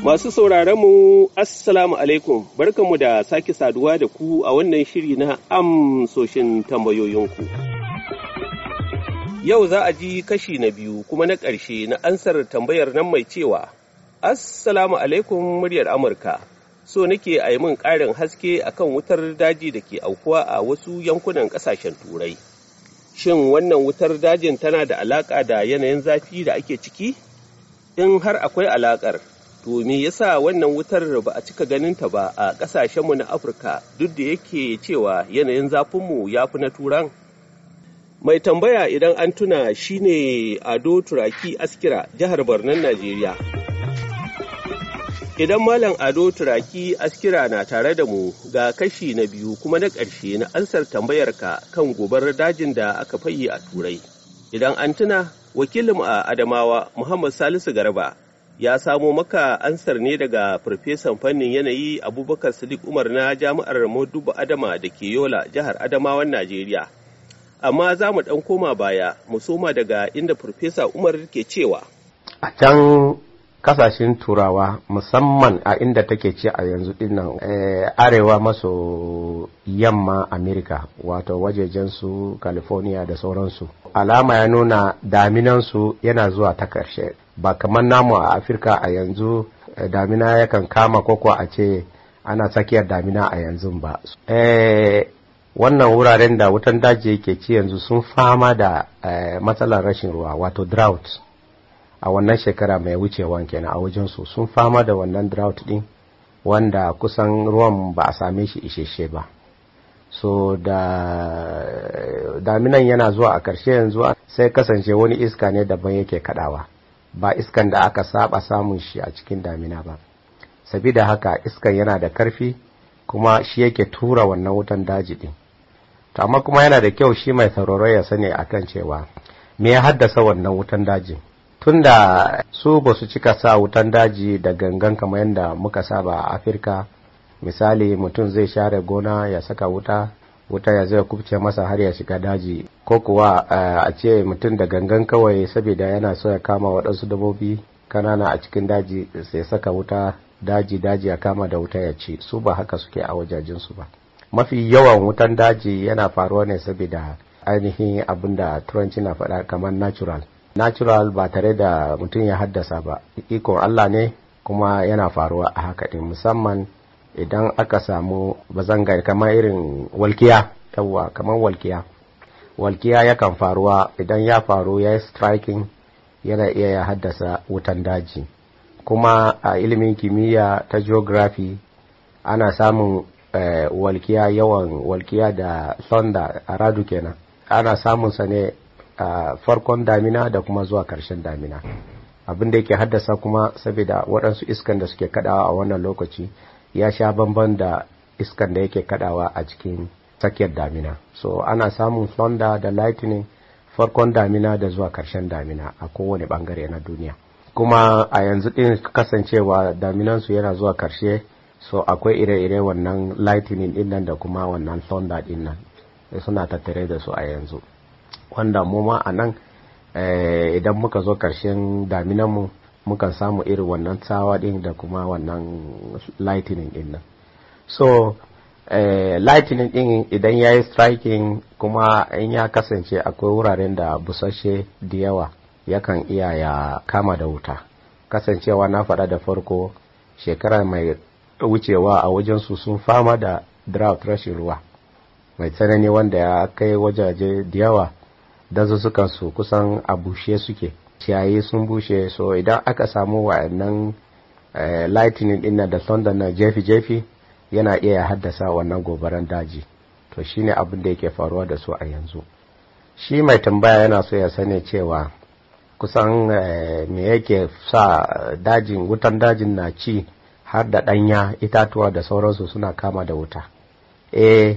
Masu sauraron mu Assalamu alaikum barkanmu da sake saduwa da ku a wannan shiri na amsoshin tambayoyinku. Yau za a ji kashi na biyu kuma na ƙarshe na ansar tambayar nan mai cewa Assalamu alaikum muryar Amurka. So nake a yi min ƙarin haske akan wutar daji da ke aukuwa a wasu yankunan ƙasashen Turai. Shin wannan wutar dajin tana da alaƙa da yanayin zafi da ake ciki? In har akwai alaƙar, to me yasa wannan wutar ba a cika ganin ta ba a ƙasashenmu na afirka duk da yake cewa yanayin zafinmu ya fi na turan mai tambaya idan an tuna shine ado turaki askira jihar barnan najeriya idan malam ado turaki askira na tare da mu ga kashi na biyu kuma na ƙarshe na ansar tambayarka kan gobar dajin da aka fayi a turai idan an tuna wakilin a adamawa muhammad salisu garba ya samo maka ansar ne daga farfesan fannin yanayi abubakar sadiq umar na jami'ar modubu adama da ke yola jihar adamawan najeriya amma za mu ɗan koma baya mu soma daga inda farfesa umar ke cewa a can kasashen turawa musamman a inda take ce a yanzu dinnan eh, arewa maso yamma america wato wajejen su california da sauransu alama ya nuna daminansu yana zuwa ta karshe ba kamar namu a afirka a yanzu eh, damina yakan kama koko a ce ana tsakiyar damina a yanzu ba eh, wannan wuraren da wutan daji yake ci yanzu sun fama da eh, matsalar rashin ruwa wato drought a wannan shekara mai wucewan kenan a su sun fama da wannan drought din wanda kusan ruwan ba a same shi isheshe ba so da daminan yana zuwa a ƙarshe yanzu sai kasance wani iska ne daban yake kadawa ba iskan da aka saba samun shi a cikin damina ba sabida haka iskan yana da karfi kuma shi yake tura wannan wutan daji din to amma kuma yana da kyau shi mai sauraro ya sani akan cewa me ya haddasa wannan wutan daji tunda su ba su cika sa wutan daji da gangan kamar yadda muka saba a Afirka misali mutum zai share gona ya saka wuta wuta ya zai kubce masa har ya shiga daji ko kuwa eh, a ce mutum da gangan kawai saboda yana so ya kama waɗansu dabobi kanana a cikin daji sai saka wuta daji daji ya kama da wuta ya ci su ba haka suke a wajajensu ba mafi yawan wutan daji yana faruwa ne saboda ainihin abin da turanci na faɗa kamar natural natural ba tare da mutum ya haddasa ba ikon allah ne kuma yana faruwa a haka musamman idan aka samu bazanga kamar irin walkiya yawwa kamar walkiya walkiya yakan faruwa idan ya faru ya yi striking yana iya ya haddasa wutan daji kuma a ilimin kimiyya ta geography ana samun eh, walkiya yawan walkiya da thunder a radu kenan ana samun sa ne a farkon damina da kuma zuwa karshen damina abin da yake haddasa kuma saboda waɗansu iskan da suke kadawa a wannan lokaci ya sha bamban da iskan da yake kadawa a cikin tsakiyar damina so ana samun thunder da lightning farkon damina da zuwa karshen damina a kowane bangare na duniya kuma a yanzu din kasancewa daminansu yana zuwa karshe so akwai ire-ire wannan lightning din nan da kuma wannan thunder din nan suna tattare da su a yanzu wanda mu ma a nan eh, idan muka zo karshen daminan mu. mukan samu irin wannan tsawa din da kuma wannan lightning din nan so eh, lightning din idan ya yi striking kuma in ya kasance akwai wuraren da busashe da yawa yakan iya ya kama da wuta kasancewa na faɗa da farko shekara mai wucewa a wajensu sun fama da drought rashin ruwa mai tsanani wanda ya kai wajaje da yawa sukan su kusan a bushe suke ciyayi sun bushe so idan aka samu wa'annan eh, lightning din da thunder na jefi-jefi yana iya haddasa wannan gobaran daji to shine abin da yake faruwa da su a yanzu shi mai tambaya yana so ya sani cewa kusan eh, me yake sa dajin wutan dajin na ci har da ɗanya itatuwa da sauransu suna kama da wuta eh,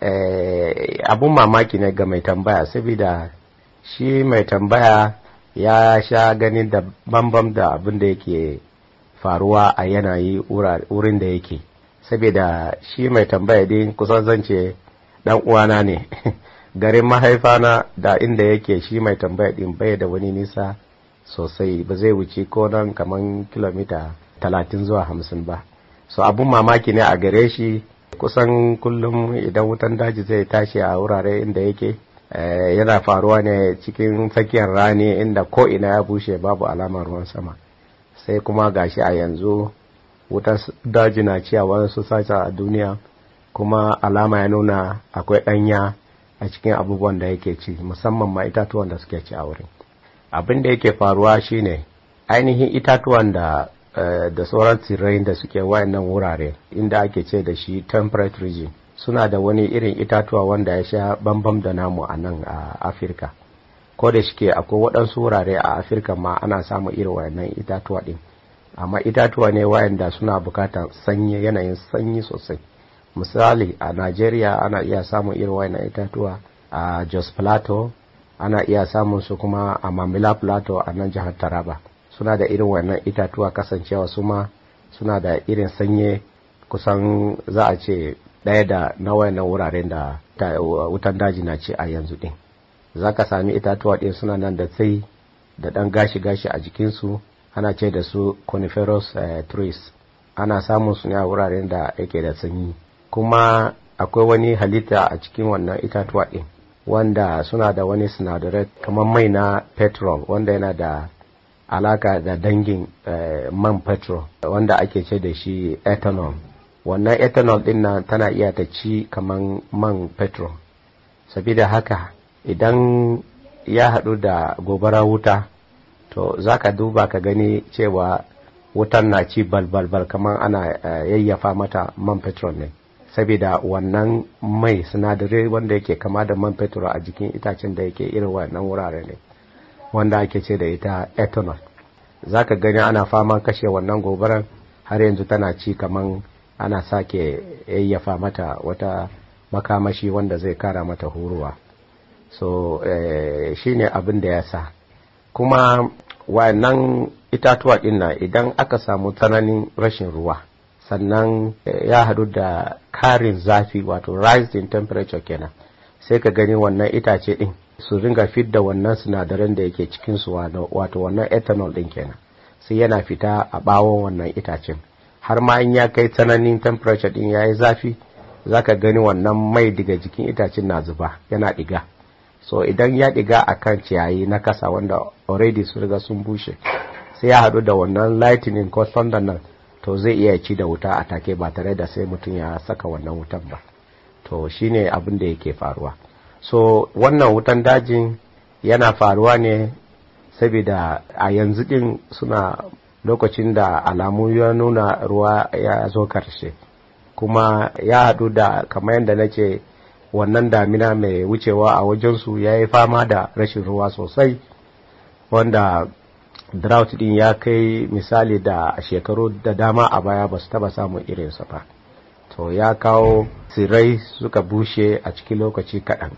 eh abun mamaki ne ga mai tambaya saboda shi mai tambaya ya sha ganin da bambam da abin da yake faruwa a yanayi wurin da yake saboda shi mai tambaya din kusan zance dan uwana ne garin mahaifana da inda yake shi mai tambaya din bai da wani nisa sosai ba zai wuce ko nan kamar kilomita talatin zuwa hamsin ba so abun mamaki ne a gare shi kusan kullum idan wutan daji zai tashi a wurare inda yake Eh, yana faruwa ne cikin tsakiyar rani inda ko ina ya bushe babu alamar ruwan sama sai kuma gashi a yanzu wutar daji na ciyawa su sace a duniya kuma alama ya nuna akwai ɗanya a cikin abubuwan da yake ci musamman ma itatuwan da suke ci a wurin abin da yake faruwa shine ainihin itatuwan da eh, da sauran tsirrai da suke wayannan wurare inda ake ce da shi temperate region suna da wani irin itatuwa wanda ya sha bambam da namu a nan a afirka ko da shike akwai waɗansu wurare a afirka ma ana samu irin wannan itatuwa ɗin amma itatuwa ne wayanda suna buƙatar sanyi yanayin sanyi sosai misali a nigeria ana iya samun irin wayannan itatuwa a jos plateau ana iya samun su kuma a mamila plateau a nan jihar taraba suna da irin wannan itatuwa kasancewa su suna da irin sanye kusan za a ce ɗaya da na wayannan wuraren da wutan daji na ce a yanzu ɗin za ka sami itatuwa ɗin suna nan da tsayi da ɗan gashi-gashi a jikinsu ana ce da su coniferous eh, trees ana samun su ne a wuraren da yake da sanyi kuma akwai wani halitta a cikin wannan itatuwa ɗin wanda suna da wani sinadarai kamar mai na petrol wanda yana da alaka da dangin eh, man petrol wanda ake ce da shi ethanol wannan ethanol din nan tana iya ta ci kaman man petrol sabida haka idan ya haɗu da gobara wuta to za ka duba ka gani cewa wutan na ci balbalbal kaman ana eh, yayyafa mata man petrol ne saboda wannan mai sinadarai wanda yake kama da man petrol a jikin itacen da yake irin wannan wurare ne wanda ake ce da ita ethanol za ka gani ana fama kashe wannan gobaran har yanzu tana ci kaman. ana sake yayyafa mata wata makamashi wanda zai kara mata huruwa so eh, shine abin da ya sa kuma wannan itatuwa na idan aka samu tsananin rashin ruwa sannan eh, ya hadu da karin zafi wato rise in temperature kenan sai ka gani wannan itace din su ringa fidda wannan sinadaran da yake cikinsu wato wannan ethanol din kenan sai yana fita a bawon wannan itacen har ma in ya kai tsananin temperature din yi zafi za ka gani wannan mai daga jikin itacen na zuba yana diga so idan ya diga a kan ciyayi na kasa wanda already su riga sun bushe sai ya hadu da wannan lightning ko thunder nan to zai iya ci da wuta a take ba tare da sai mutum ya saka wannan wutan ba to shine abin da yake faruwa so wannan wutan dajin yana faruwa ne saboda a yanzu din suna lokacin da alamu ya nuna ruwa ya zo karshe kuma ya haɗu da kamar yadda na wannan damina mai wucewa a wajensu ya yi fama da rashin ruwa sosai wanda drought din ya kai misali da shekaru da dama a baya ba su taba samun irinsa ba to ya kawo tsirrai suka bushe a cikin lokaci kaɗan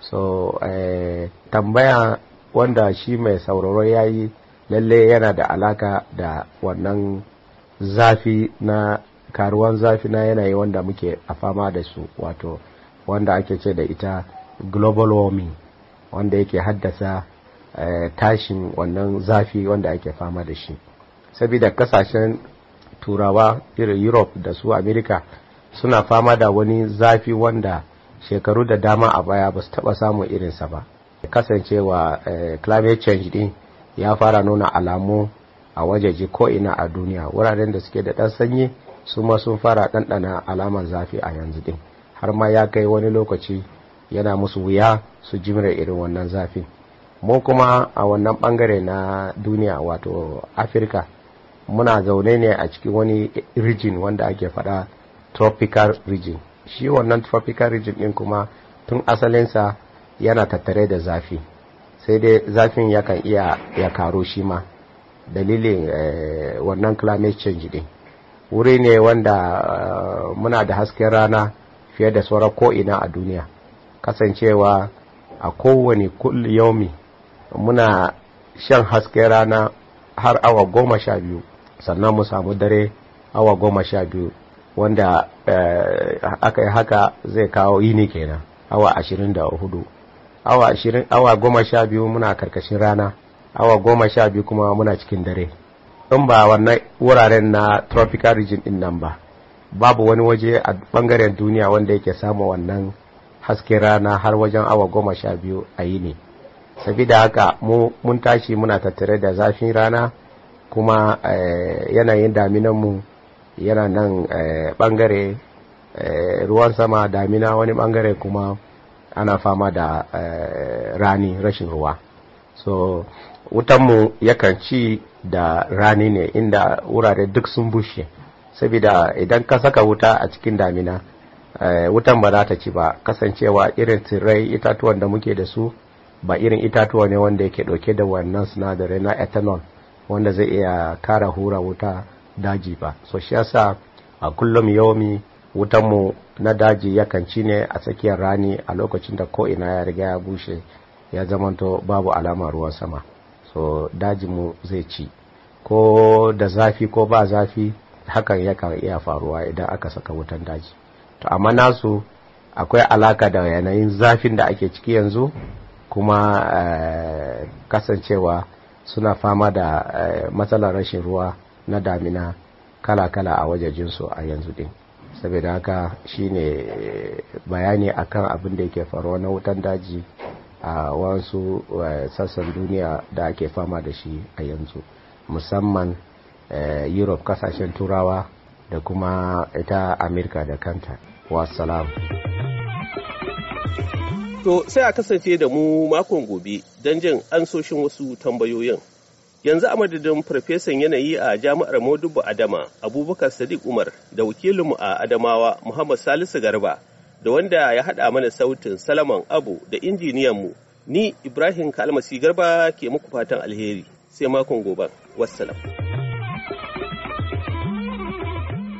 so eh, tambaya wanda shi mai sauraro ya yi lalle yana da alaka da wannan zafi na karuwan zafi na yanayi wanda muke a fama da su wato wanda ake ce da ita global warming wanda yake haddasa eh, tashin wannan zafi wanda ake fama da shi saboda kasashen turawa irin europe da su america suna fama da wani zafi wanda shekaru da dama a baya ba su taba samun irinsa ba kasancewa eh, climate change din ya fara nuna alamu a wajeji ko'ina a duniya wuraren da suke da ɗan sanyi su ma sun fara ɗanɗana alamar zafi a yanzu ɗin har ma ya kai wani lokaci yana musu wuya su jimre irin wannan zafi mu kuma a wannan ɓangare na duniya wato afirka muna zaune ne a cikin wani region wanda ake faɗa tropical rijin shi wannan tropical region ɗin kuma tun asalinsa yana tattare da zafi sai dai zafin yakan iya ya karo shi ma dalilin eh, wannan climate change din wuri ne wanda eh, muna da hasken rana fiye da sauran ko'ina a duniya kasancewa a kowane yaumi muna shan hasken rana har awa goma sha biyu sannan mu samu dare awa goma sha biyu wanda eh, aka yi haka zai kawo yini kenan awa ashirin da hudu awa ashirin awa goma sha biyu muna karkashin rana awa goma sha biyu kuma muna cikin dare in ba wannan wuraren na tropical region din nan ba babu wani waje a bangaren duniya wanda yake samu wannan hasken rana har wajen awa goma sha biyu a yi ne sabida haka mu mun tashi muna tattare da zafin rana kuma eh, yanayin daminanmu yana nan bangare eh, eh, ruwan sama damina wani bangare kuma ana fama da eh, rani rashin ruwa so wutanmu yakan ci da rani ne inda wurare duk sun bushe saboda idan ka saka wuta a cikin damina eh, wutan ba za ta ci ba kasancewa irin tsirrai itatuwan da muke da su ba irin itatuwa ne wanda yake ɗauke da wannan sinadarai na ethanol wanda zai iya kara hura wuta daji ba so shi yasa a kullum yomi wutan mu na daji yakan ci ne a tsakiyar rani a lokacin da ko'ina ya riga ya bushe ya zamanto babu alama ruwan sama so mu zai ci ko da zafi ko ba zafi hakan yakan iya faruwa idan aka saka wutan daji to amma nasu akwai alaka da yanayin zafin da ake ciki yanzu kuma eh, kasancewa suna fama da eh, matsalar rashin ruwa na damina kala-kala a wajejinsu a yanzu din. saboda haka shine bayani akan abin da yake faruwa na wutan daji a wasu eh, sassan duniya da ake fama da shi a yanzu musamman eh, europe kasashen turawa da kuma ita amerika da kanta wasalam to sai a kasance da mu makon gobe don jin ansoshin wasu tambayoyin yanzu a madadin farfesan yanayi a jami'ar modubu adama abubakar sadiq umar da wakilinmu a adamawa muhammad salisu garba da wanda ya haɗa mana sautin salaman abu da injiniyanmu ni ibrahim kalmasi garba ke muku fatan alheri sai makon gobe wassalam